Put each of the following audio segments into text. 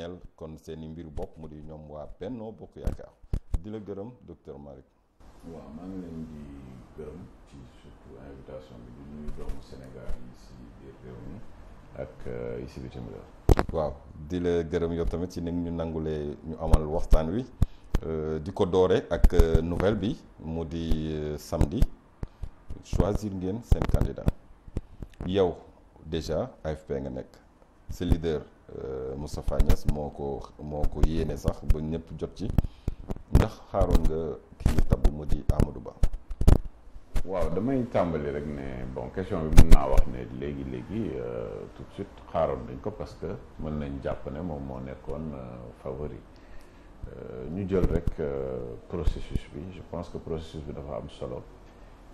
ñeel kon seeni i mbir bopp mu di ñoom waa Bennoo Bokk Yaakaar di la gërëm docteur Malick. waaw maa ngi leen di gërëm ci surtout invitation bi di nuyu doomu Sénégal yi si biir réew ak yi euh, si bitim réew. waaw di la gërëm yow tamit ci ni ñu nangulee ñu amal waxtaan wi euh, di ko doore ak euh, nouvelle bi mu di samedi choisir ngeen seen candidat yow déjà AFP nga nekk sa leader. Euh, Moustapha Niass moo ko moo ko yéene sax ba ñëpp jot ci ndax xaaroon nga ki ñu tabb mu di Amadou Ba. waaw damay tàmbali rek ne bon question bi mën naa wax ne léegi léegi euh, tout de suite xaaroon nañ ko parce que mën nañ jàpp ne moom moo nekkoon euh, favori ñu jël rek processus bi je pense que processus bi dafa am solo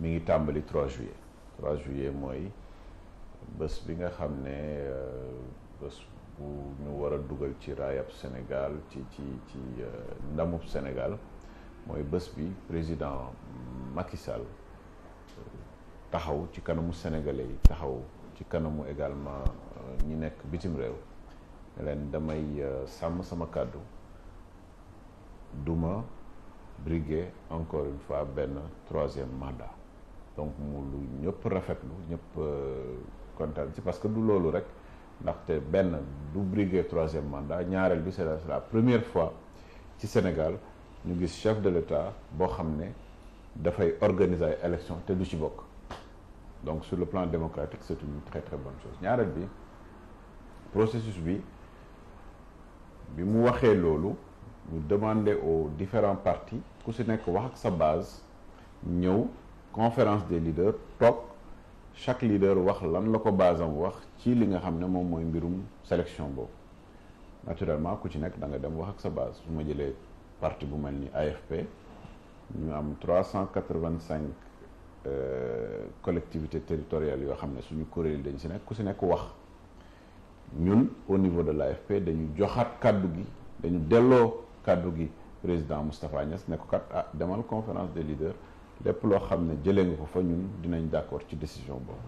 mi ngi tàmbali 3 juillet 3 juillet mooy bés bi nga xam ne bés. bu ñu war a dugal ci raayab Sénégal ci ci ci euh, ndamub Sénégal mooy bés bi président makisal euh, taxaw ci kanamu sénégalais yi taxaw ci kanamu également euh, ñi nekk bitim réew ne leen damay sàmm sama kàddu duma briguer encore une fois benn troisième mandat donc mu lu ñëpp rafetlu ñëpp kontaan ci parce que du loolu rek ndaxte benn du briguer troisième mandat ñaareel bi c'est la première fois ci Sénégal ñu gis chef de l'État boo xam ne dafay organiser ay élection te du ci bokk donc sur le plan démocratique c'est une très très bonne chose ñaareel bi processus bi bi mu waxee loolu ñu demander au différents partis ku si nekk wax ak sa base ñëw conférence des leaders toog chaque leader wax lan la ko basam wax ci li nga xam ne moom mooy mbirum sélection boobu naturellement ku ci nekk da nga dem wax ak sa base su ma jëlee parti bu mel ni AFP ñu am trois cent quatre-vingt-cinq euh, collectivités territoriales yoo xam ne suñu kuréel yi dañ si nekk ku si nekk wax ñun au niveau de l'AFP dañu joxaat kàddu gi dañu delloo kàddu gi président Moustapha Niass ne ko kat ah demal conférence des leaders lépp loo xam ne jëlee nga ko fa ñun dinañ d'accord ci décision boobu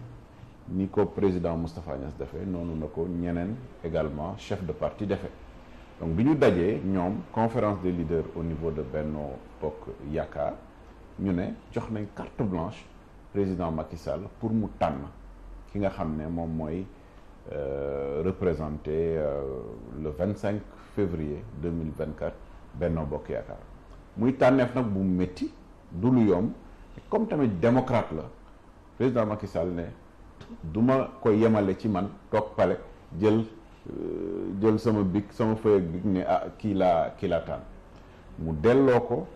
ni ko président Moustapha Niass defee noonu na ko ñeneen également chef de parti defee donc bi ñu dajee ñoom conférence des leaders au niveau de Benno Bokk Yaakaar ñu ne jox nañ carte blanche président Macky pour mu tànn ki nga xam ne moom mooy euh, représenté euh, le 25 février 2024 Benno Bokk Yaakaar muy tànneef nag bu métti du lu yomb comme tamit démocrate la président Macky Sall ne du ma yemale ci man toog pale jël euh, jël sama bic sama feuille bic ne ah kii laa kii laa tànn mu delloo ko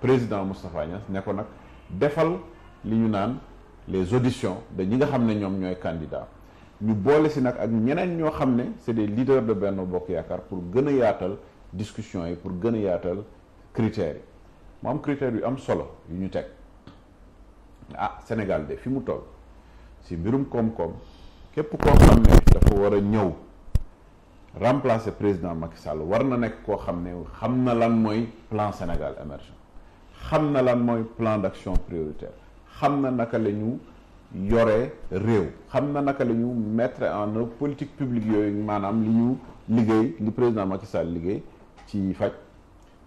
président Moustapha Niass ne ko nag defal li ñu naan les auditions de ñi nga xam ne ñoom ñooy candidat ñu boole si nag ak ñeneen ñoo xam ne c'est des leaders de benn Bokk Yaakaar pour gën a yaatal discussion yi pour gën a yaatal critères yi mu am critères yu am solo yu ñu teg ah Sénégal de fi mu tool si mbirum koom-koom képp koo xam ne dafa war a ñëw remplacer président Macky Sall war na nekk koo xam ne xam na lan mooy plan Sénégal émergent xam na lan mooy plan d'action prioritaire xam na naka lañu ñu yore réew xam na naka la ñu mettre en œuvre politique publique yooyu maanaam li ñu liggéey li président Macky liggéey ci faj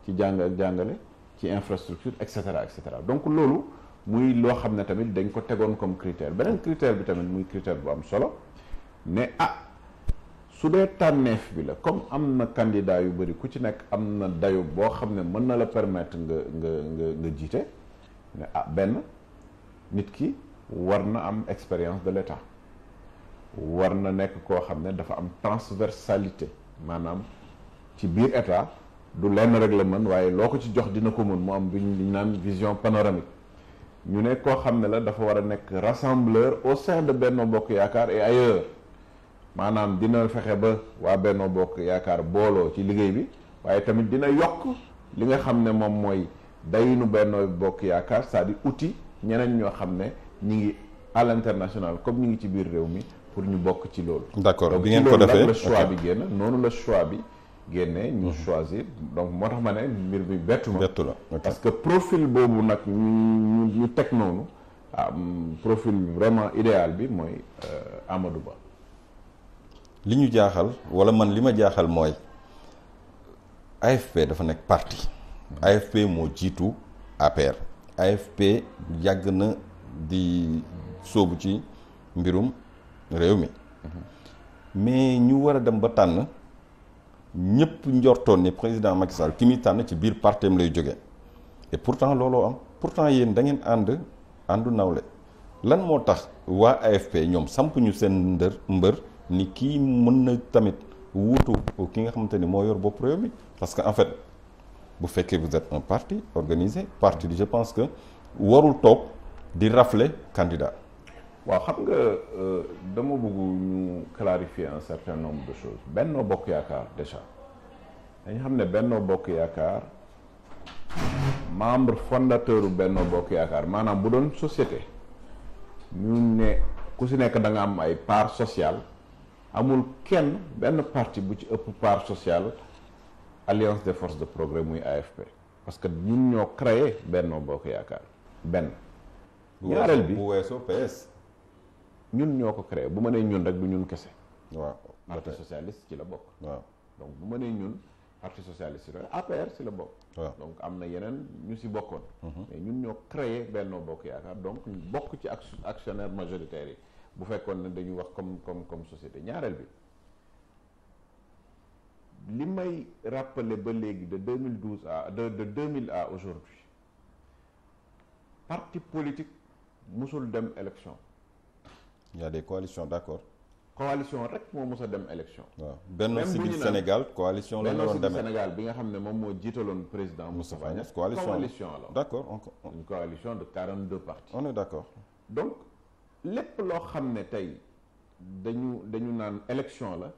ci jàng jàngale ci infrastructure et cetera et cetera donc loolu muy loo xam ne tamit dañ ko tegoon comme critère beneen critère bi tamit muy critère bu am solo ne ah su dee tànneef bi la comme am na candidat yu bëri ku ci nekk am na dayo boo xam ne mën na la permettre nga nga nga jiite ne ah benn nit ki war na am expérience de l'État war na nekk koo xam ne dafa am transversalité maanaam ci biir État du lenn rek la mën waaye loo ko ci jox dina ko mën mu am bi ñu naan vision panoramique ñu ne koo xam ne la dafa war a nekk rassembleur au sein de Benno Bokk Yaakaar et ailleurs maanaam dina fexe ba waa Benno Bokk Yaakaar booloo ci liggéey bi waaye tamit dina yokk li nga xam ne moom mooy dayinu Benno Bokk Yaakaar saa à uti ñeneen ñoo xam ne ñu ngi à l'international comme ñu ngi ci biir réew mi pour ñu bokk ci loolu. d'accord bi ngeen ko defee donc la choix bi génn noonu la choix bi. génne ñu mhm. choisir donc moo tax ma ne mbir bi bettu la parce que profil boobu nag ñu ñu teg noonu ah, mm, profil vraiment idéal bi mooy euh, Amadou Ba li ñu jaaxal wala man li ma jaaxal mooy AFP dafa nekk parti mhm. AFP moo jiitu APR AFP yàgg na di soobu ci mbirum réew mi mhm. mais ñu war a dem ba tànn ñëpp njortoon ne président Macky Sall ki tànn ci biir partem lay jóge et pourtant looloo am pourtant yéen da ngeen ànd àndu nawle lan moo tax waa AFP ñoom samp ñu seen ndër mbër ni kii mën na tamit wuutu ki nga xamante ni moo yor bopp réew mi parce que en fait bu fekkee vous êtes un organiser partie parti je pense que warul toog di rafle candidat waa xam nga euh, dama bëgg ñu clarifier un certain nombre de choses Benno Bokk Yaakaar déjà dañu xam ne Benno Bokk Yaakaar membre fondateur u Benno Bokk Yaakaar maanaam bu doon société ñu ne ku si nekk da nga am ay part sociale amul kenn benn parti bu ci ëpp part social alliance des force de progrès muy AFP parce que ñun ñoo créé Benno Bokk Yaakaar benn ñaareel bi bu weesoo PS ñun ñoo ko créé bu ma nee ñun rek du ñun kese. waaw parti socialiste ci la bokk. waaw donc bu ma nee ñun parti socialiste la ci la bokk. waaw donc am na yeneen ñu si bokkoon. Mhm. mais ñun ñoo créé Benno Bokk Yaakaar donc bokk ci actionnaire majoritaire yi bu fekkoon ne dañuy wax comme comme comme société ñaareel bi. li may rappeler ba léegi de 2012 à de de 2000 à aujourd'hui parti politique mosul dem élection il y a des coalitions d'accord coalition rek moo mos a dem élection waaw benn sigil Sénégal coalition la ñu doon Sénégal bi nga xam ne moom moo jiitaloon président Moustapha Niass coalition la d'accord on une coalition de 42 partis on est d'accord donc lépp loo xam ne tey dañu dañu naan élection la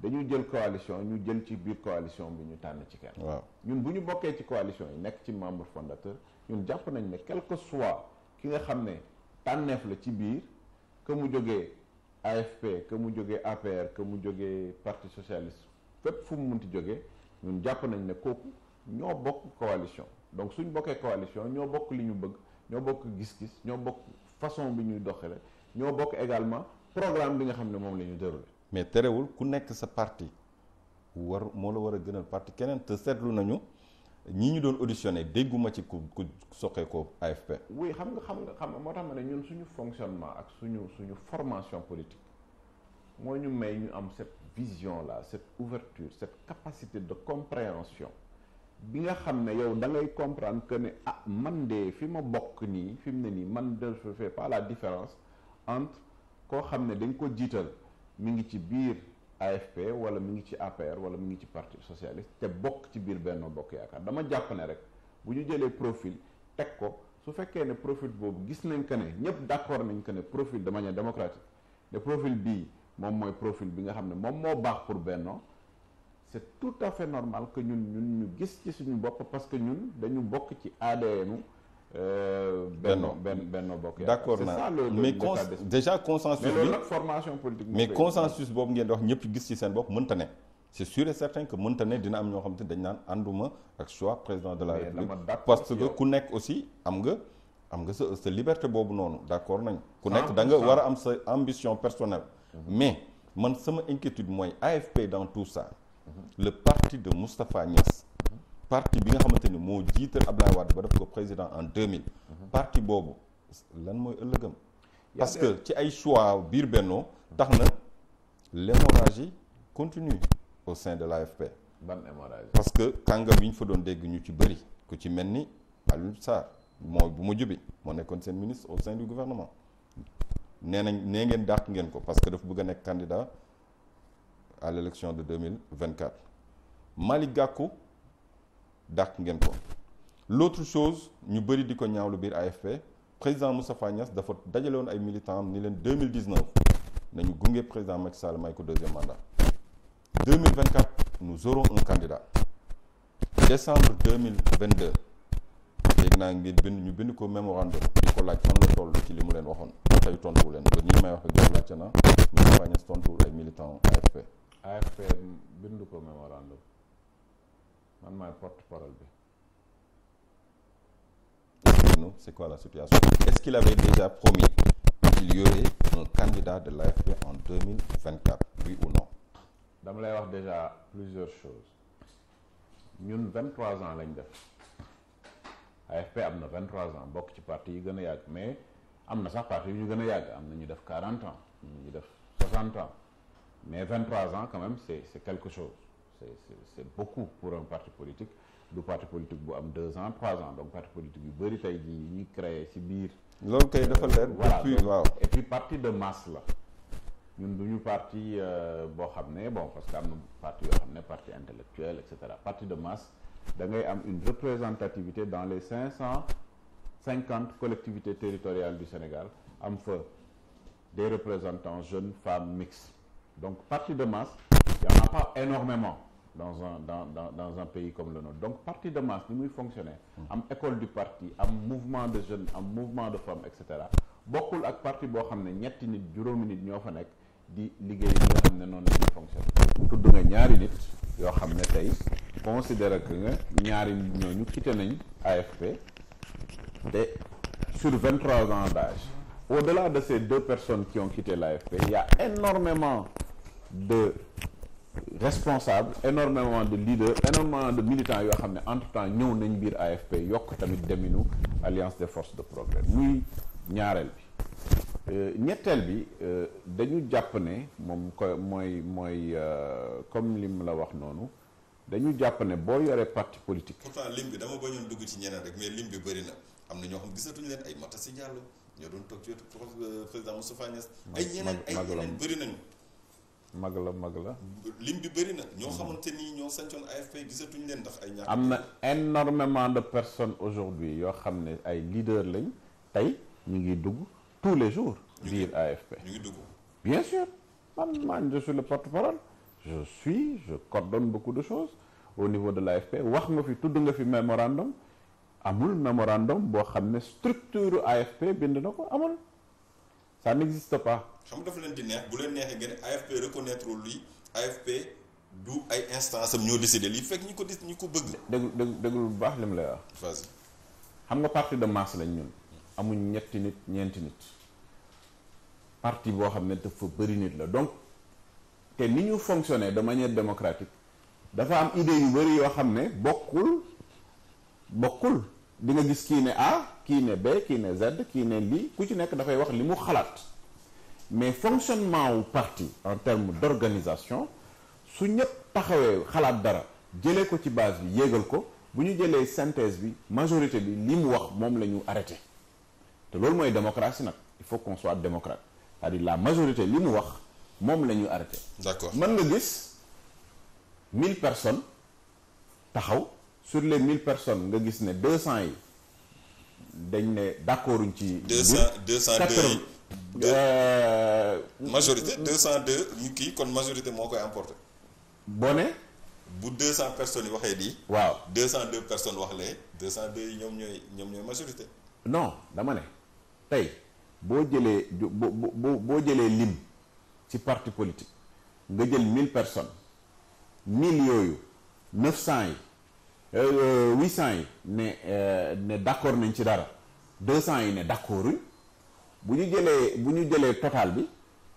dañu jël coalition ñu jël ci biir coalition bi ñu tànn ci kenn waaw ñun bu ñu bokkee ci coalition yi nekk ci membre fondateur ñun jàpp nañ ne quel que soit ki nga xam ne tànneef la ci biir que mu jógee AFP que mu jógee APR que mu jógee parti socialiste fépp fu mu munti jógee ñun jàpp nañ ne kooku ñoo bokk coalition donc suñ bokkee coalition ñoo bokk li ñu bëgg ñoo bokk gis-gis ñoo bokk façon bi ñuy doxale ñoo bokk également programme bi nga xam ne moom lañu ñu mais terewul ku nekk sa parti war moo la war a gënal parti keneen te seetlu nañu ñi ñu doon auditionné dégguma ci ku ku soqee ko AFP. oui xam nga xam nga xam nga moo tax ma ne ñun suñu fonctionnement ak suñu suñu formation politique moo ñu may ñu am cette vision la cette ouverture cette capacité de compréhension bi nga xam ne yow da ngay comprendre que ne ah man de fi ma bokk nii fi mu ne nii man de je fais la différence entre koo xam ne dañ ko jiital mi ngi ci biir. AFP wala mu ngi ci APR wala mu ngi ci parti socialiste te bokk ci biir Benno Bokk Yaakaar dama jàppane rek bu ñu jëlee profil teg ko su fekkee ne profil boobu gis nañ que ne ñëpp d'accord nañ que ne profil de manière démocratique ne profil bii moom mooy profil bi nga xam ne moom moo baax pour Benno c'est tout à fait normal que ñun ñun ñu gis ci suñu bopp parce que ñun dañu bokk ci aada ADN Euh, Benno benn Benno Bokk Yaakaar. d'accord naa mais cons déjà consensus bi formation politique mais consensus boobu ngeen di wax ñëpp gis ci seen bopp mënta ne. c'est sûr et certain que mënta ne dina am ñoo xam te dañ naan ànduma ak choix président de la République parce que ku nekk aussi am nga am nga sa sa liberté boobu noonu d'accord nañ ku nekk ah, da nga war a am sa ambition personnelle mhm. mais man sama inquiétude mooy AFP dans tout ça le parti de Moustapha Niass parti bi nga xamante ni moo jiital Ablaye Wade ba def ko président en 2000. parti boobu lan mooy ëllëgam. parce que ci ay choix biir Benno tax na l'hémorragie continue au sein de l'AFP. ban hémorragie parce que kàngam yi ñu fa doon dégg ñu ci bëri ku ci mel ni Alioune Sarr moo bu ma jubi moo nekkoon seen ministre au sein du gouvernement nee nañ nee ngeen dàq ngeen ko parce que dafa bëgg a nekk candidat à l'élection de 2024 Malick Gakou dàq ngeen ko l'autre chose ñu bëri di ko ñaawlu biir AFP président Moustapha Niass dafa dajale woon ay militants am ni leen 2019 nañu gunge président Macky Sall may ko deuxième mandat 2024 nous aurons un candidat décembre 2022 léegi naa ngeen bind ñu bind ko mémorandum di ko laaj fan la toll ci li mu leen waxoon tey tontu leen ba nii may wax ak yow laajte naa Moustapha Niass tontuwul ay militants AFP. man maay porte-parole bi nous c'est quoi la situation est-ce qu'il avait déjà promis qu'il y aurait un candidat de l'AFP en 2024 oui ou non dama lay wax déjà plusieurs choses ñun 23 ans lañ def AFP am na 23 ans bokk ci partie yi gën a yàgg mais am na sax parti yu ñu gën a yàgg am na ñu def 40 ans ñu def 60 ans mais 23 ans quand même c'est c'est quelque chose c'est beaucoup pour un parti politique du parti politique bu am deux ans trois ans donc parti politique yu bëri tey jii ñuy créé ci biir. loolu kay dafa leer. Euh, et puis parti de masse la. ñun du ñu parti euh, boo xam ne bon parce que parti yoo xam ne parti intellectuel et cetera parti de masse dangay am une représentativité dans les cinq cent cinquante collectivités territoriales du Sénégal am fa des représentants jeunes femmes mixtes donc parti de masse y en a pas énormément dans un dans dans dans comme le nôtre donc parti de masse ni muy fonctionner. Mm-hmm. am école du parti am mouvement de jeunes am mouvement de femmes et cetera bokkul ak parti boo xam ne ñetti nit juróomi nit ñoo fa nekk di liggéey li xam ne noonu la ñuy fonctionner. tudd nga ñaari nit yoo xam ne tey considéré que nga ñaari nit ñooñu quitté nañ AFP te sur vingt trois ans d'âge au-delà de ces deux personnes qui ont quitté l'AFP il y a énormément de. responsable énormément de leaders énormément de militants yoo xam ne entre temps ñëw nañ biir AFP yokk tamit deminu alliance des forces de progrès muy ñaareel bi euh, ñetteel bi euh, dañu jàpp ne moom ko mooy mooy euh, comme li mu la wax noonu dañu jàpp ne boo yoree parti politique. pourtant lim bi dama bañoon dugg ci ñeneen rek mais lim bi bëri xam am na ñoo xam gisatuñu leen ay Mata Si Diallo ñoo doon toog ci wetu président Moustapha Niass ay ñeneen ay ñeneen bëri mag la mag la. lim bi bëri na. ñoo xamante ni ñoo sancoon AFP am na énormément de personnes aujourd'hui yoo xam ne ay leaders lañ tey ñu ngi dugg tous les jours. biir AFP ñu ngi dugg. bien sûr man man je suis le porte-parole je suis je coordonne beaucoup de choses au niveau de l'AFP wax nga fi tudd nga fi mémorandum amul mémorandum boo xam ne structure AFP bind na ko amul ça n'existe pas. xam nga dafa di neex bu leen neexee ngeen AFP reconnaître lui AFP du ay instance am ñoo décidé lii fekk ñi ko dis ñi ko bëgg. déglu déglu déglu bu baax lim la wax. xam nga parti de masse lañ ñun. amuñ ñetti nit ñeenti nit. parti boo xam ne dafa bari nit la donc te ni ñu fonctionner de manière democratique dafa am idée yu bari yoo xam ne bokkul bokkul di nga gis kii ne A kii ne B kii ne Z kii ne lii ku ci nekk dafay wax li mu xalaat. mais fonctionnement wu parti en termes d'organisation su ñëpp taxawee xalaat dara jëlee ko ci base bi yéegal ko bu ñu jëlee synthèse bi majorité bi li mu wax moom la ñu arrêté te loolu mooy démocratie nag il faut qu'on soit démocrate cest à la majorité li mu wax moom la ñu arrêté d'accord man nga gis mille personnes taxaw sur les mille personnes nga gis ne deux cent yi dañ ne d'accorduñ ci deux cent deux cent Euh, euh, majorité 202 ñu kii kon majorité moo koy emporté. boo bu bu cent personnes yi waxee lii. waaw 202 personne wax lee 202 yi ñoom ñooy ñoom ñooy majorité. non dama ne tey boo jëlee boo boo boo jëlee lim ci parti politique nga jël 1000 personnes 1000 yooyu cent yi. Euh, euh cent yi ne euh, ne d'accord nañ ci dara cent yi ne d'accorduñ bu ñu jëlee bu ñu jëlee total bi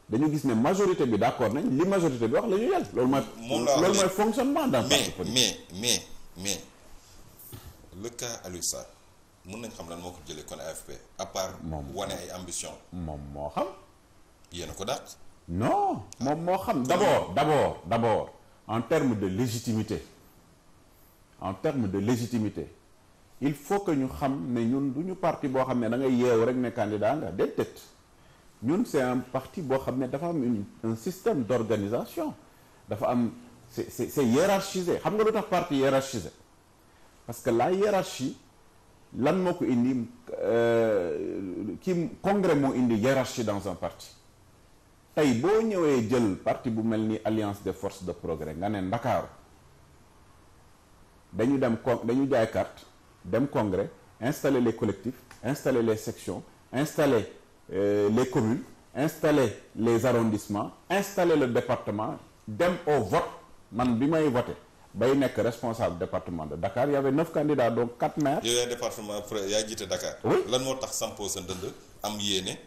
dañu gis ne majorité bi d'accord nañ li majorité bi wax la ñu yàll loolu mooy loolu mooy fonctionnement d'un parti politique mais mais mais le mën nañ xam moo ko jëlee kon AFP à part moom wane ay ambition moom moo xam yéen a ko dàq non moom moo xam d'abord d'abord d'abord en termes de légitimité en termes de légitimité il faut que ñu xam ne ñun du ñu parti boo xam ne da ngay yeewu rek ne candidat nga déedéet ñun c'est un parti boo xam ne dafa am une un système d'organisation dafa am c'est c'est c'est hiérarchisé xam nga lu tax parti hiérarchisé parce que la hiérarchie lan moo ko indi euh, kii congrès moo indi hiérarchie dans un parti tey boo ñëwee jël parti bu mel ni alliance des force de progrès nga ne Ndakaaru dañu dem ko dañu jaay carte dem congrès installé les collectifs installer les section installé euh, les installé installer les arrondissements le département dem au vote man bi may voté bay nekk responsable département de Dakar y avait neuf candidats donc quatre maires. yow yaa département yaa jiite Dakar. lan moo tax sampo sa ndënd am yéene.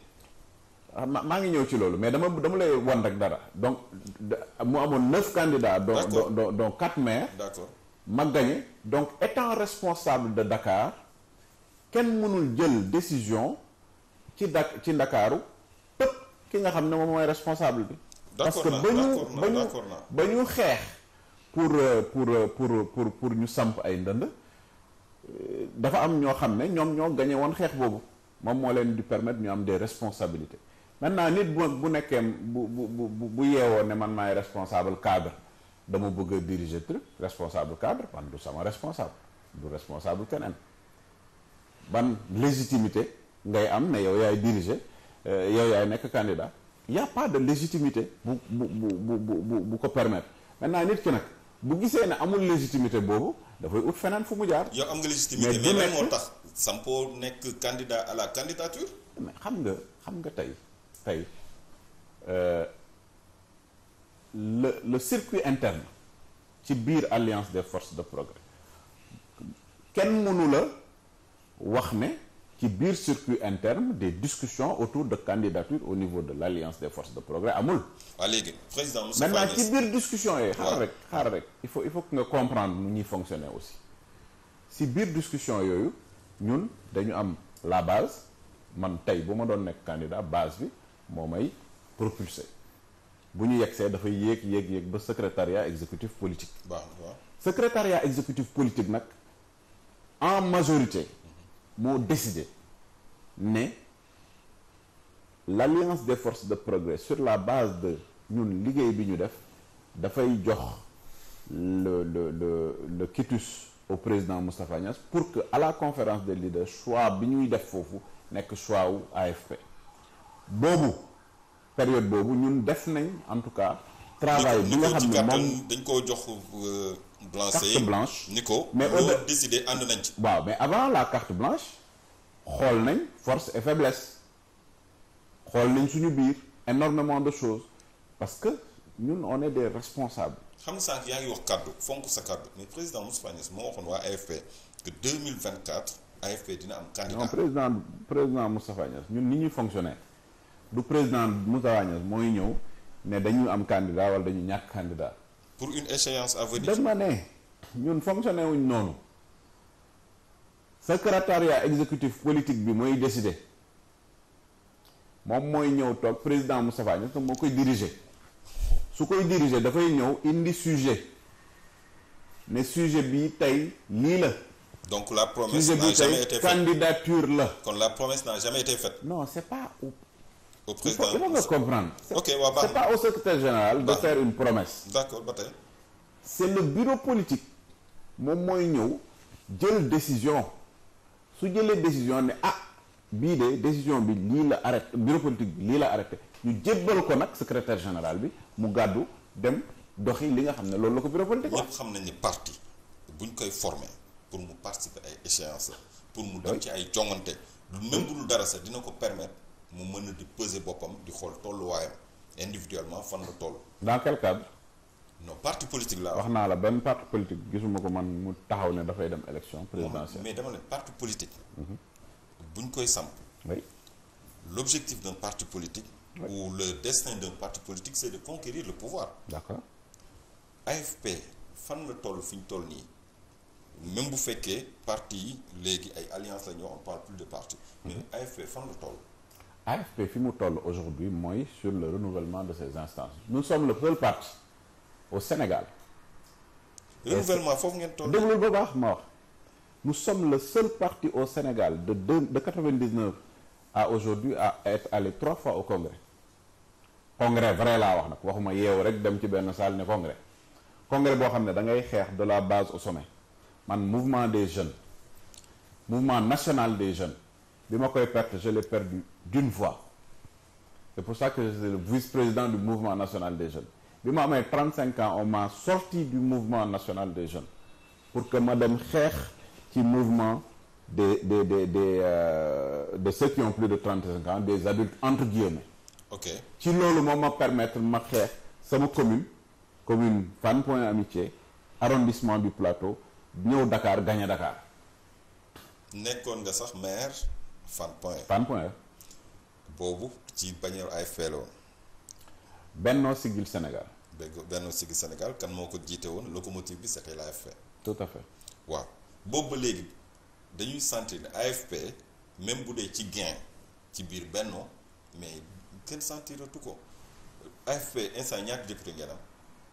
Ah, maa ngi ñëw ci loolu mais dama dama lay wan rek dara donc mu amoon neuf candidats. donc donc donc quatre maires. d'accord ma gagné donc étant responsable de Dakar kenn mënul jël décision ci dak ci Ndakaaru pëpp ki nga xam ne moom mooy responsable bi parce que ba ñu ba ñu ba ñu xeex pour pour pour pour pour ñu samp ay ndënd euh, dafa am ñoo xam ne ñoom ñoo gagné woon xeex boobu moom moo leen di permettre ñu am des responsabilités maintenant nit bu bu nekkee bu bu bu bu yeewoo ne man maay responsable cadre dama bëgg a diriger responsable cadre man du sama responsable du responsable keneen ban légitimité ngay am ne yow yaay diriger euh, yow yaay nekk candidat y' a de légitimité bu bu bu bu bu ko permettre maintenant nit ki nag bu gisee ne amul légitimité boobu dafay ut feneen fu mu jaar. yow am nga légitimité mais lan moo tax Sampo nekk candidat à la candidature. xam nga xam nga tey tey. Euh, le le circuit interne ci biir alliance des forces de progrès kenn mënu la wax ne ci biir circuit interne des discussions autour de candidature au niveau de l'alliance des forces de progrès amul. waaw ah, léegi président Moussa maintenant ci biir discussion yooyu. xaar rek xaar rek il faut il faut que nga comprendre nu ñuy fonctionner aussi si biir discussion yooyu ñun dañu am la base man tey bu ma doon nekk candidat base bi moo may propulser. bu ñu yegg see dafay yéeg yéeg yéeg ba secrétariat exécutif politique. waaw waaw secrétariat exécutif politique nag en majorité moo décidé ne l'alliance des forces de progrès sur la base de ñun liggéey bi ñu def dafay jox le le le le quitus au président Moustapha Niass pour que à la conférence de leaders choix bi ñuy def foofu nekk choix wu AFP boobu. période boobu ñun def nañ en tout cas. travail bi nga xam ne moom dañ koo jox euh, carte blanche ni ko mais au décidé ànd nañ ci. waaw mais avant la carte blanche xool nañ force et faiblesse xool nañ suñu biir énormément de choses parce que ñun on est des responsables. xam nga sànq yaa ngi wax kàddu fonk sa kàddu mais président Moustapha Niasse moo waxoon waa AFP que 2024 AFP dina am. candidat non président président Moustapha Niasse ñun ni ñuy fonctionner. du président Moustapha Niasse mooy ñëw ne dañu am candidat wala dañu ñàkk candidat. pour une échéance à venir. dama ne ñun fonctionné wuñ noonu secrétariat exécutif politique bi mooy décider moom mooy ñëw toog président Moustapha Niasse moo koy diriger su koy diriger dafay ñëw indi sujet ne sujet bi tey lii la. donc la promesse n'a jamais été faite candidature la. kon la promesse n'a jamais été faite. non c'est pas. au président il faut nga comprendre. ok waaw baax na c'est pas au secrétaire général. de faire une promesse. d'accord ba tey. c'est le bureau politique moom mooy ñëw jël décision su jëlee décision ne ah bii de décision bi lii la arrêté bureau politique bi lii la arrêté ñu jébbal ko nag secretaire général bi mu gàddu dem doxi li nga xam ne loolu la ko bureau politique wax. ñëpp xam nañ ni parti buñ koy former pour mu participer ay échéances pour mu dem ci ay jongante lu même bu dul dara sax dina ko permettre. mu mën a di peser boppam di xool tolluwaayam individuellement fan la toll. dans quel cadre. non parti politique laa. wax naa la benn parti politique gisuma ko man mu taxaw ne dafay dem élection présidentielle. mais dama ne parti politique. Mhm. buñ koy samp. oui objectif d' parti politique. Oui. ou destin d' parti politique c' est de conquérir le pouvoir. d' accord AFP fan la toll fi ñu toll nii. même bu fekkee parti yi léegi ay alliance la ñu on plus de parti. mais mhm. AFP fan la toll. AFP fi mu toll aujourd'hui mooy sur le renouvellement de ses instances nous sommes le seul parti au Sénégal. renouvellement foofu ngeen toll. déglul ba baax ma wax nous sommes le seul parti au Sénégal de deux de quatre-vingt-dix-neuf a aujourd'hui à être allé trois fois au congrès congrès vrai laa wax nag waxuma yeewu rek dem ci benn salle ne congrès congrès boo xam ne da ngay xeex de la base au sommet man mouvement des jeunes mouvement national des jeunes. bi ma koy perte je l'ai perdu d'une voix c'est pour ça que je suis le vice-président du mouvement national des jeunes bi ma amee 35 ans on m'a sorti du mouvement national des jeunes pour que ma dem xeex ci mouvement des des des des euh, de ceux qui ont plus de 35 ans des adultes entre guillemets ok ci loolu moo ma permettre ma xeex sama commune commune Fann Point Amitié arrondissement du Plateau ñëw dakaar gagné Dakar nekkoon nga sax maire fan point fan point boobu ci bannière AFP la woon Benno Siggil Sénégal Benno Siggil Sénégal kan moo ko jiite woon locomotive bi c'était l'AFP tout à fait waaw boobu ba léegi dañuy sentir ne AFP même bu dee ci gain ci biir Benno mais kenn sentiratu ko AFP instant ñaata député ngeen am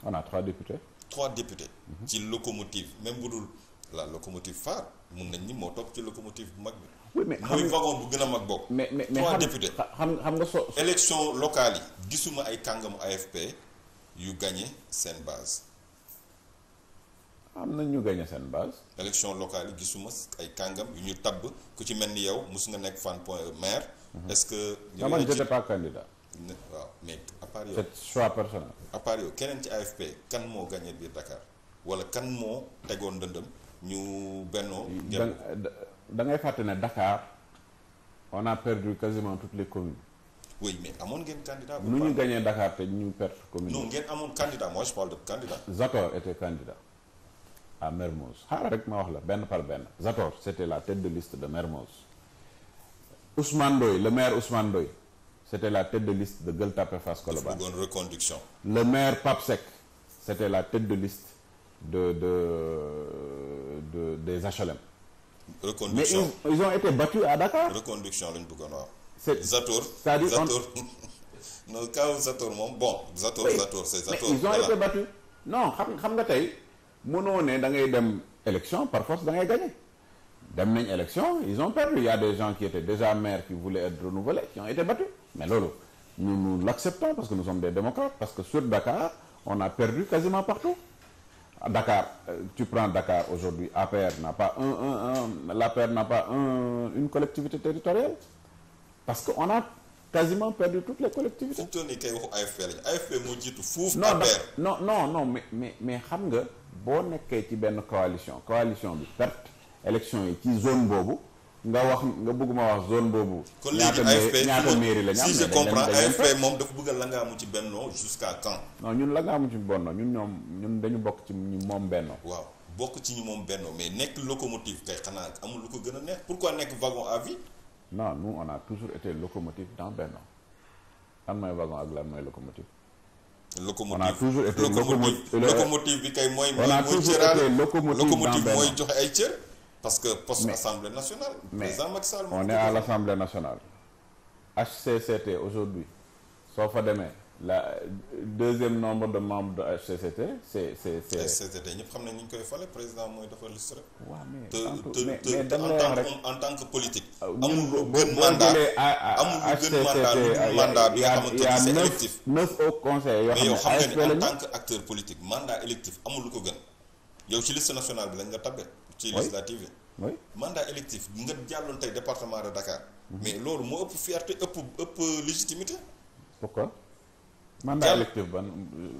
on a trois députés trois députés mhm. ci locomotive même bu dul la locomotive phare mun nañ ni moo topp ci locomotive bu mag bi oui mais bu gën a mag bokk. mais mais trois députés xam xam nga so. élection locale yi gisuma ay kàngamu AFP yu gagné seen base. am na ñu gagné seen base. élection locale yi gisuma ay kàngam yu ñu tabb ku ci mel ni yow mus nga nekk fan point euh, maire. Mhm. est-ce que. yow man j'étais waaw mais à part yow. c'est à part yow keneen ci AFP kan moo gagné biir Dakar wala kan moo tegoon ndëndëm ñu bennoo. da ngay fàtte ne dakaar on a perdu quasiment toutes les communes. oui amoon ngeen candidat. nu ñu gagné dakaar te ñu perte commune. non amoon candidat moi je parle de candidat. Zator était candidat à Mermoz rek ma wax la benn par benn Zator c' était la tête de liste de Mermoz Ousmane Ndoye le maire Ousmane Ndoye c' était la tête de liste de Gueule Tapée Fass Colobane. daf reconduction. le maire Pape Seck c' était la tête de liste de de de des HLM. reconduction mais ils, ils été battus à Dakar. reconduction lañ bëggoon waaw. c'est Zator c'est-à-dire Zator moom bon. Zator Zator c'est Zator mais ils ont voilà. xam xam nga tey mënoo ne da ngay dem élection par force da ngay gagner dem nañ élection ils ont perdu il des gens qui étaient déjà maires qui voulaient être renouvelés qui ont été battus mais loolu nous l'acceptons parce que nous sommes des démocrates parce que sur Dakar on a perdu quasiment partout. Dakar euh, tu prends Dakar aujourd'hui APR n'a pa un un un l'APR n'a pas un une collectivité territoriale parce que on a quasiment perdu toutes les collectivités. fu mu kay waxu mais mais xam nga boo nekkee ci benn coalition coalition bi perte élection yi ci zone boobu. nga wax nga bëgg wax zone boobu. kon léegi AFP ñaata mairie la am si moom dafa bëgg a langaamu ci Benno jusqu'à quand. non ñun langaamu ci Benno ñun ñoom ñun dañu bokk ci ñu moom Benno. waaw bokk ci ñu moom Benno mais nekk locomotive kay xanaa amul lu ko gën a neex pourquoi nekk wagon à vide. non nous on a toujours été locomotive dans Benno lan mooy wagon ak lan mooy locomotive. locomotive on a toujours été locomotive locomotive bi kay mooy. on a toujours été mooy joxe ay cër. parce que poste assemblée nationale. mais président Macky Sall on est à l' assemblée nationale. aujourd'hui soo fa demee la deuxième nombre de membres de HCCT c' est c' est. HCCT ñëpp xam ne ñu koy fale président mooy dafa liste rek. waaw mais te te en tant que politique. Ah, amul lu gën mandat amul lu gën mandat mandat bi nga xamante ni c' est électif. neuf au conseil yoo xam ne yow xam nga ni en tant que acteur politique mandat électif amul lu ko gën nationale bi lañ la tabbee. ci législative yi oui mandat électif nga jàlloon tey département de Dakar. Mhm. mais loolu moo ëpp fierté ëpp ëpp légitimité. pourquoi. mandat électif ban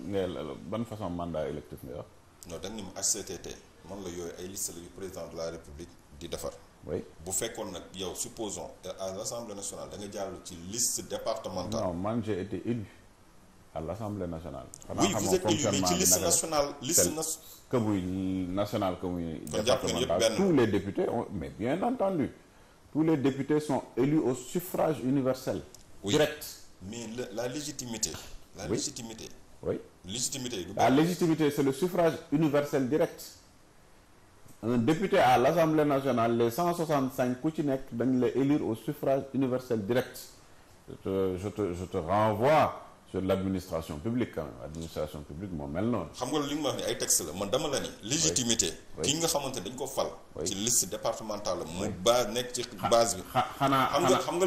ngay ban façon mandat électif ngay wax. non dañ ni ma HCCT man la yooyu ay liste la président de la république di defar. oui bu fekkoon nag yow supposons à l'Assemblée nationale da nga jàll ci liste départementale. non man j'ai été élu. à l' assemblée nationale. xanaa xamoo fonctionnement bi naka nationale liste que muy nationale tous les députés ont mais bien entendu tous les députés sont élus au suffrage universel. Oui. direct. mais la, la légitimité. la oui. légitimité. oui légitimité. la légitimité c'est le suffrage universel direct. un député à l' assemblée nationale les 165 cinq ci nekk dañ la élire au suffrage universel direct. je te je te renvoie. sur l' administration publique quand même administration publique moo mel noonu. xam nga li mu wax ni ay texte la man dama la ni. légitimité nga xamante dañ ko fal. ci liste départementale mu base nekk xam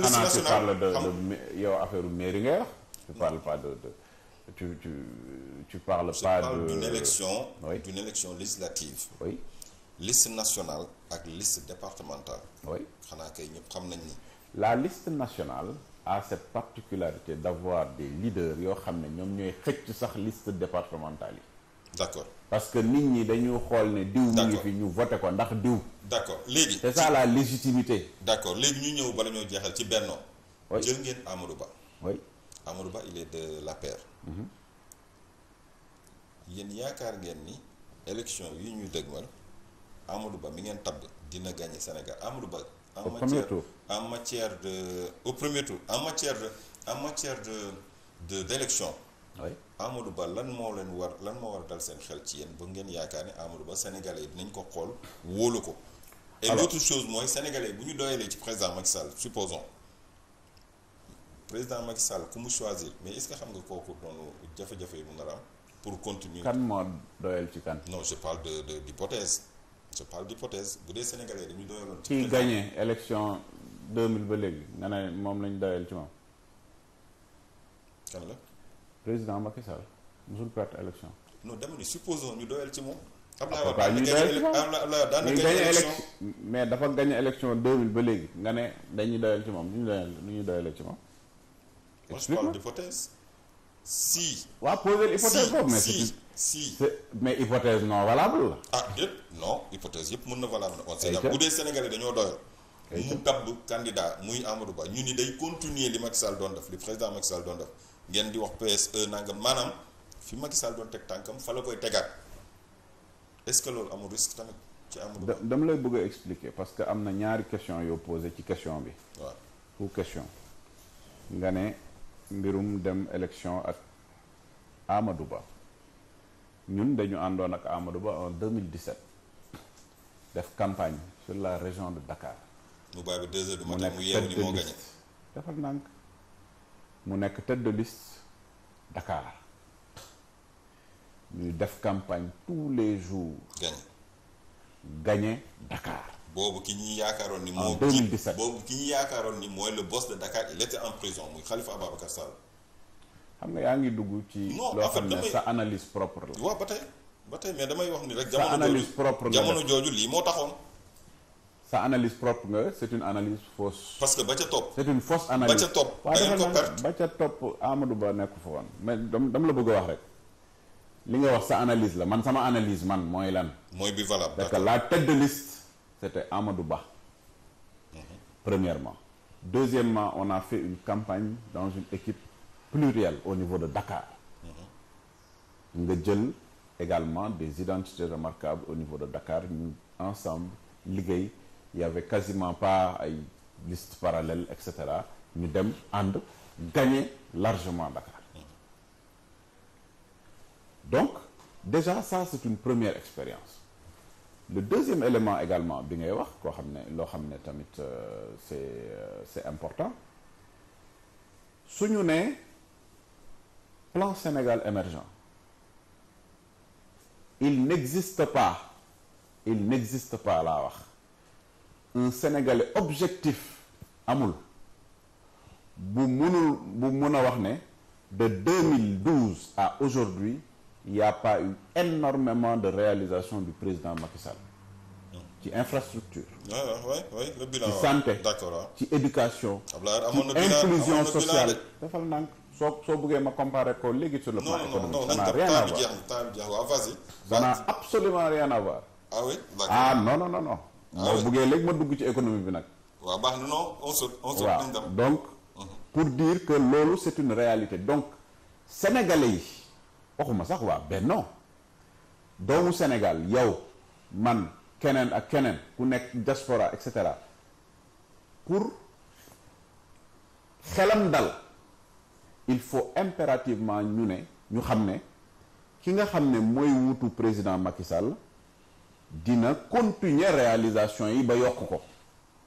nga xam nga yow affaire mairie nga wax. tu parles pas de de tu tu tu parles pas de. d'une ak liste départementale. oui xanaa kay xam nañ ni. la a cette particularité d'avoir des leaders yoo xam ne ñoom ñooy xëcc sax liste départementale yi d'accord parce que nit ñi dañu xool ne diw mu ngi fi ñu voté ko ndax diw d'accord léegi c'est ça la légitimité d'accord léegi ñu ñëw bala ñoo jeexal ci Benno jël ngeen Amadou Ba oui Amadou Ba il est de la paire mm-hmm. yéen yaakaar ngeen ni élection yi ñuy dëgmal Amadou Ba mi ngeen tabb dina gagner Sénégal Amadou Ba en au matière, premier tour en matière de au premier tour en matière de en matière de de d'élection oui Amadou Ba lan moo leen war lan moo war a dal seen xel ci yéen ba ngeen yaakaar ni Amadou Ba sénégalais yi dinañ ko xool wóolu ko. et l'autre chose mooy sénégalais bu ñu doyalee ci président Macky Sall supposons président Macky Sall ku mu choisir mais est xam nga kooku noonu jafe-jafe yi mu a am pour continuer. kan moo doyal ci kan. non je parle de de je parle d'hypothèse bu dee sénégalais dañu doyaloon. ci kii gagné élection 2000 ba léegi nga ne moom lañ doyal ci moom. président Macky Sall musul perte élection. non dama ni ñu doyal ci moom. Abdoulaye Wade daan na gagné élection mais dafa gagné élection 2000 ba léegi nga ne dañuy doyal ci moom du ñu doyal du ñu doyalee ci moom. explique si. waaw poser hypothèse boobu. mais si si mais hypothèse non valable la. ah déet non hypothèse yëpp mën na valable na. on sait bu dee Sénégalais dañoo doyal. mu tabb candidat muy Amadou Ba ñu ni day continuer li Macky Sall doon def li président Macky Sall doon def ngeen di wax PSE nangam maanaam fi Macky Sall doon teg tànkam fa la koy tegaat est-ce que loolu amul risque tamit ci Amadou Ba. dama lay bëgg a expliquer parce que am na ñaari question yoo posé ci question bi. waaw mbirum dem élection ak amadu Ba ñun dañu àndoon ak Amadou Ba en 2017 def campagne sur la région de Dakar. mu bàyyi ba deux heures du matin mu yeewu mu nekk tête de liste Dakar ñuy def campagne tous les jours. gagné gagné boobu ki ñu yaakaaroon ni moo ki boobu ki ñu ni mooy le boss de Dakar il était en prison muy Khalifa Ababacar Sall xam nga yaa ngi dugg ci loo xam ne sa analyse propre la waaw ba tey ba tey mais damay wax ni rek jamono analyse propre jamono jooju lii moo taxoon sa analyse propre nga c'est une analyse fausse parce que ba ca topp c'est une fausse analyse ba ca topp ba ca topp Amadou Ba nekku fa woon mais dama la bëgg a wax rek li nga wax sa analyse la man sama analyse man mooy lan mooy bi valable c'était Amadou Ba mhm. premièrement deuxièmement on a fait une campagne dans une équipe plurielle au niveau de Dakar mhm. nga jël également des identités remarquables au niveau de Dakar ñu ensemble liggéey y avait quasiment pas ay liste parallèle et cetera ñu dem ànd gagner largement Dakar mhm. donc déjà ça c'est une première expérience le deuxième élément également bi ngay wax koo xam ne loo xam ne tamit euh, c'est euh, c'est important suñu nee plan Sénégal émergent il n'existe pas il n'existe pas laa wax un Sénégalais objectif amul bu mënul bu mun a wax ne de a à aujourd'hui il n'y pas eu énormément de réalisation du président Macky Sall. ci infrastructure. ci santé d'accord ci éducation. ci inclusion sociale defal ndànk soo soo bëggee ma comparer ko léegi sur le plan économique. ça n'a rien à voir ça absolument rien à ah oui ah non non moo ah bëggee léegi ma dugg ci économie bi nag. waaw donc mhm. pour dire que loolu c'est une réalité donc sénégalais yi. waxuma sax waa Benno doomu Sénégal yow man keneen ak keneen ku nekk diaspora et cetera pour xelam dal il faut impérativement ñu ne ñu xam ne ki nga xam ne mooy wutu président Macky dina continuer réalisation yi ba yokk ko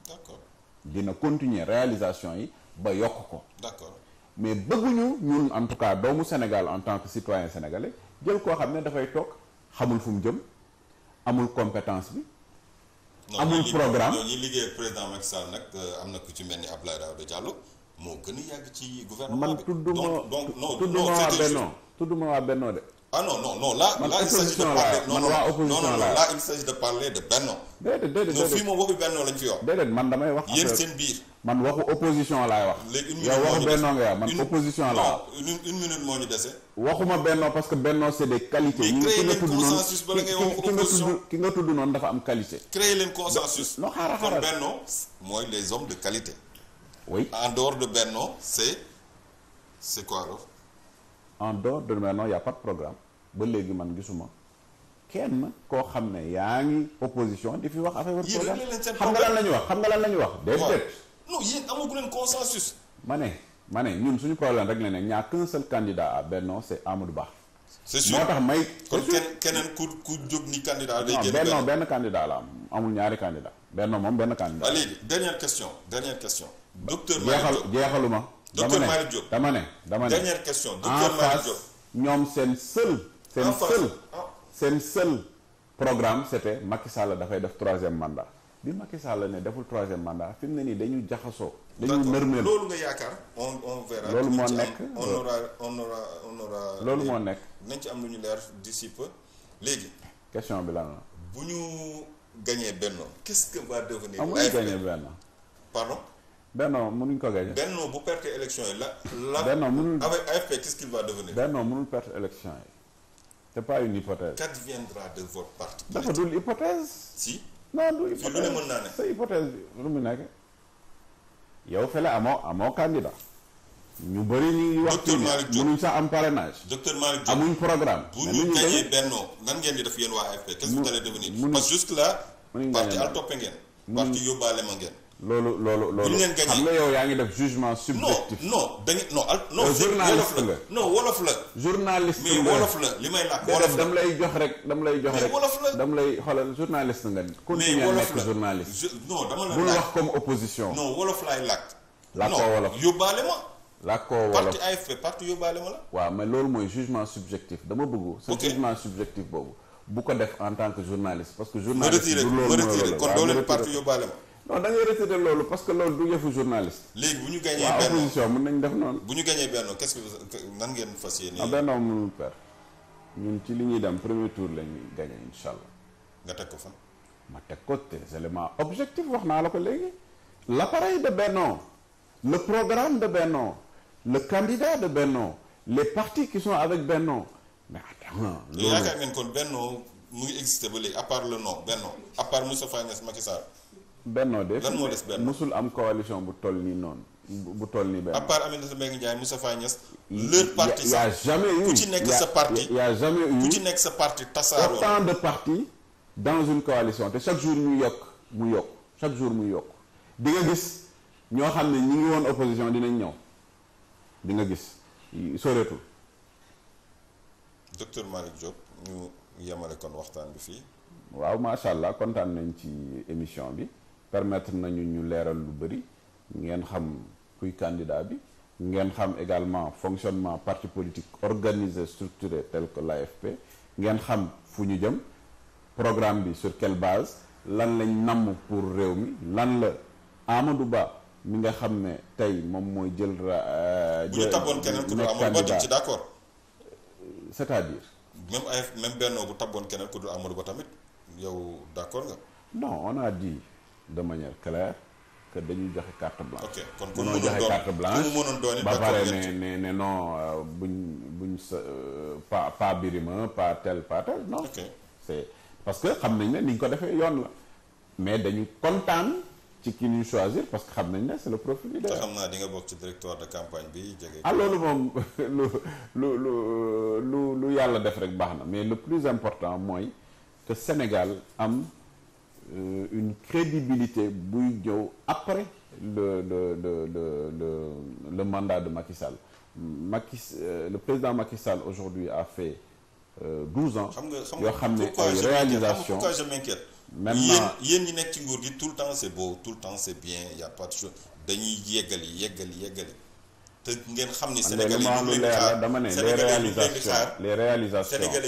d'accord dina continuer réalisation yi ba yokk ko d'accord mais bëgguñu ñun en tout cas doomu Sénégal en tant que citoyen sénégalais jël koo xam ne dafay toog xamul fu mu jëm amul compétence bi. amul programme non liggéey président Macky Sall nag euh, am na ko ci mel ni Abdoulaye Daouda Diallo moo gën a yàgg ci gouvernement bi. man tudduma tudduma waa Benno tudduma waa Benno de. ah non non non là. là il s'agit de parler non non non non là il s'agit de parler de Benno. déedéet déedéet non fii moom waxu Benno lañ fi wax. déedéet man damay wax. yéen seen biir. man waxu opposition laay wax. léegi une minute moo ñu dese yow waxu Benno nga man opposition laa wax. non une minute moo ñu dese. waxuma Benno parce que Benno c'est des qualités. yi ki nga tudd noonu ki nga tudd ki nga tudd noonu dafa am qualité. créer leen consensus. non xaaral xaaral kon Benno mooy les hommes de qualité. oui en dehors de Benno c'est c'est quoi. en dehors de maintenant y a pas de programme ba léegi man gisuma kenn koo xam ne yaa ngi opposition di fi wax affaire programme xam nga lan la ñu wax xam nga lan la ñu wax déedéet non ma ne ma ne ñun suñu problème rek la ne ñaa qu'un seul candidat à Benno c'est Amadou Ba c'est moo tax may kon keneen ku ku jóg ni candidat day génn Benno benn candidat la am amul ñaari candidat Benno moom benn candidat léegi dernière question dernière question docteur jeexal jeexaluma docteur Malick Diop dama ne dama ne dernière question docteur Malick Diop ñoom seen seul seen seul ah. seen seul programme c'était Macky Sall dafay def troisième mandat bi Macky Sall ne deful troisième mandat fi mu ne nii dañu jaxasoo dañu nërmeel loolu nga yaakaar on on verra loolu moo nekk loolu moo nekk nañ ci am lu ñu leer d'ici léegi question bi lan la bu ñu gañee Benno qu'est-ce que va devenir amul ah, gañee Benno Benno mënuñ ko gagné. Benno bu perte élection yi la. la Benno mënul avec AFP qu'est-ce qu'il va devenir. Benno mënul perte élection yi c'est pas une hypothèse. qu'adviendra de votre mu nekk yow fële amoo amoo candidat. ñu bëri ñu wax. docteur Malick sax am parrainage. docteur amuñ programme. bu ñu gagné Benno nan ngeen di def yéen waa AFP. qu'est-ce que vous allez devenir. parce que jusque là. parti al toppe ngeen. parti yóbbaale ma ngeen. loolu loolu loolu. xam nga yow yaa ngi def jugement subjectif. non non da non non. Euh, journaliste la non wolof la. journaliste mais wolof la li may laaj. wolof dam lay jox rek dam lay jox rek. dam lay xoolal journaliste nga. mais wolof la journaliste. non dama la bul wax comme opposition. non wolof laay laaj. làkkoo wolof non yóbbaale ma. waaw mais loolu mooy jugement subjectif dama bëgg. sa jugement subjectif boobu. bu ko def en tant que journaliste parce que. journaliste loolu mooy parti yóbbaale ma. non da ngay loolu parce que loolu du yëfu journaliste. léegi bu ñu gañee benn waaw opposition mën nañ def noonu. bu ñu gañee benn quest nan ngeen fas yéene. ah benn mënul per ñun ci li ñuy dem premier tour la ñuy gañe incha allah. nga teg ko fan. ma teg ko des éléments wax naa la ko léegi. l'appareil de Benno le programme de Benno le candidat de Benno les partis qui sont avec Benno mais attends. loolu yaakaar ngeen kon Benno mu ngi existé ba léegi à part le nom Benno bennoo de lan moo des benn musul am coalition bu toll nii noonu bu toll nii benn. à part Aminata Mbengue Ndiaye Moustapha Niasse. leur parti y' jamais eu ku ci nekk sa parti a jamais eu ci nekk sa parti tasaaroo autant de partis dans une coalition te chaque jour ñu yokk mu yokk chaque jour mu yokk di nga gis ñoo xam ne ñi ngi woon opposition dinañ ñëw di nga gis soreetul. docteur Malick Diop ñu yemale kon waxtaan bi fii. waaw macha allah kontaan nañ ci émission bi. permettre nañu ñu leeral lu bëri ngeen xam kuy candidat bi ngeen xam également fonctionnement parti politique organisé structuré tel que l'AFP ngeen xam fu ñu jëm programme bi sur quelle base lan lañ namm pour réew mi lan la Amadou Ba mi nga xam ne tey moom mooy jël ra. Euh, bu ñu tabboon keneen ku dul Amadou Ba duñ ci à dire même AFP même Benno bu tabboon keneen ku dul Amadou tamit yow d'accord nga. non on a dit. de manière claire que dañuy joxe carte blanche. ok kon ku mu mënoon doon joxe carte blanche ba pare ne ne ne non euh, buñ buñ sa euh, pas paa Birima pas tel pas tel non. ok parce que xam nañ ne ni ñu ko defee yoon la mais dañu kontaan. ci ki ñuy choisir parce que xam nañ ne c'est le profil leader. te di nga bokk ci directoire de campagne bi jege. ah loolu moom lu lu lu lu yàlla def rek baax na mais le plus important mooy que Sénégal am. Euh, une crédibilité buy ñëw après le le le le le le mandat de Macky Sall Macky euh, le président Macky Sall aujourd'hui a fait euh, douze ans. yoo xam ne ay réalisation pourquoi je m'inquiète maintenant yéen yéen ñi nekk ci nguur gi tout le temps c'est beau tout le temps c'est bien y a pas de chose dañuy yeggali yeggali yeggali. te ngeen xam ni Sénégalais ñu ngi leen di xaar dama ne les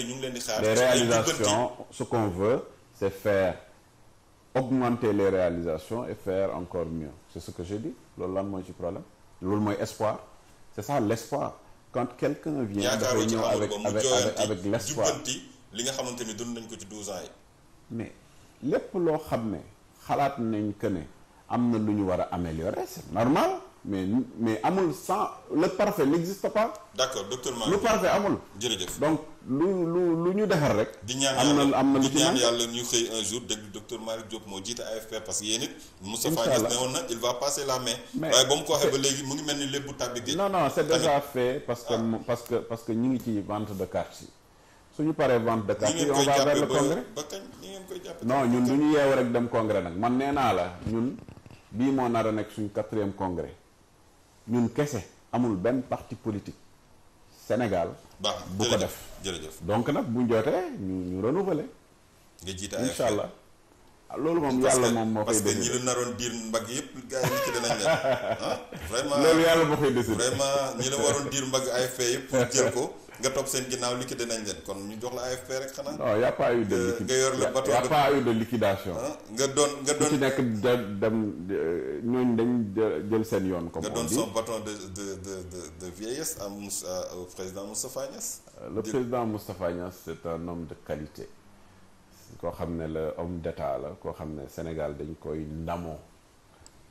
ñu ngi leen di xaar les réalisations ce qu'on veut c'est faire augmenter les réalisation et faire encore mieux c'est ce que j'ai dit loolu lan mooy ci problème loolu mooy espoir c'est ça l'espoir quand quelqu'un vient dafay ñëw avec avec avec l'espoir li nga xamante ni dund nañ ko ci 12 ans yi mais lépp loo xam ne xalaat nañ que ne am na lu ñu war a améliorer c'est normal mais mais amul sans le parfait n'existe pas. d'accord docteur Malick lu parfait amul. jërëjëf donc lu lu lu ñu defar rek. di ñaan yàlla am na lu ci ñaan yàlla ñu xëy un jour dégg docteur Malick Diop moo jiite AFP parce que yéen it. Moustapha Niass ne woon na il va passer la main. waaye ba mu ko waxee ba léegi mu ngi mel ni lépp bu tàbbi géej. non non c'est déjà ah. ñu ngi ci vente de cartes yi suñu paree vente de cartes yi on va vers le congrès. ba kañ ni non ñun lu ñu yeew rek dem congrès nag man nee naa la ñun bii moo nar nekk suñu quatrième congrès ñun kese amul benn parti politique Sénégal. bu ko def jërëjëf donc nag bu jotee ñu ñu renouveler. nga jiite allah. Ah, loolu moom yàlla moom moo koy. décider parce que ñi la naroon diir mbagg yëpp gars yi ci danañ leen ah. vraiment loolu yàlla moo koy décider. vraiment ñi la waroon diir mbagg AFP yëpp jël ko. nga topp seen ginnaaw liquider nañ leen kon ñu jox la AFP rek xanaa. non y' de liquidation nga yor la bateau y' a pas de liquidation. Ah, nga doon nga doon ci nekk dem euh, ñooñu dañ jël seen yoon. comme on dit nga doon son de de de de de vieillesse à Moussa euh, au président Moustapha Niass. Euh, le président Moustapha Niass c' est un homme de qualité. koo xam ne la homme d' la koo xam ne Sénégal dañ koy ndamoo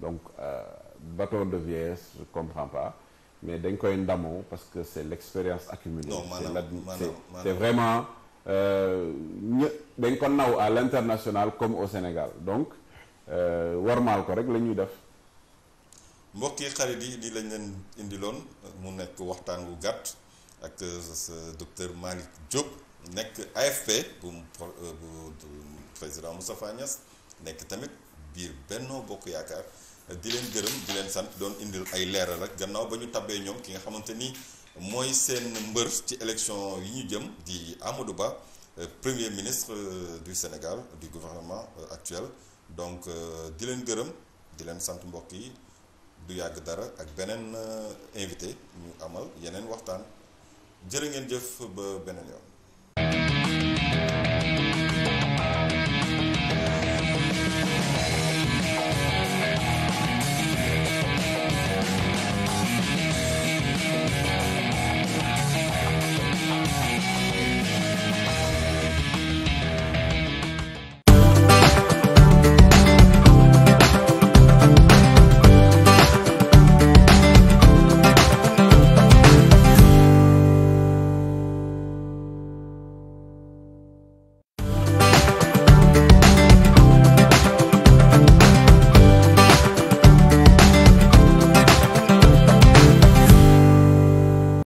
donc bâton de vieillesse je comprends mais dañ koy ndamoo parce que c'est l'expérience accumulée non maanaam maanaam c'est vraiment euh, ñë dañ ko naw à l'international comme au Sénégal donc euh, warmaal ko rek la ñuy def mbokk yi xarit yi li lañ leen indiloon mu nekk waxtaan wu gàtt ak euh, sa docteur Malick Diop nekk AFP bu bu président Moustapha Niass nekk tamit biir Benno Bokk Yaakaar di leen gërëm di leen sant doon indil ay leeral rek gannaaw ba ñu tabbee ñoom ki nga xamante ni mooy seen mbër ci élection yi ñu jëm di amadu Ba euh, premier ministre euh, du Sénégal du gouvernement euh, actuel donc di leen gërëm di leen sant mbokk yi du yàgg dara ak beneen invité ñu amal yeneen waxtaan jërë ngeen jëf ba beneen yoon.